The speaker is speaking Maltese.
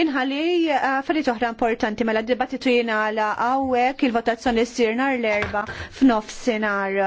Inħalli eh, affarijiet oħra importanti mela dibattitu jina għala hawnhekk il-votazzjoni ssir nhar l-erba' f'nofsinhar.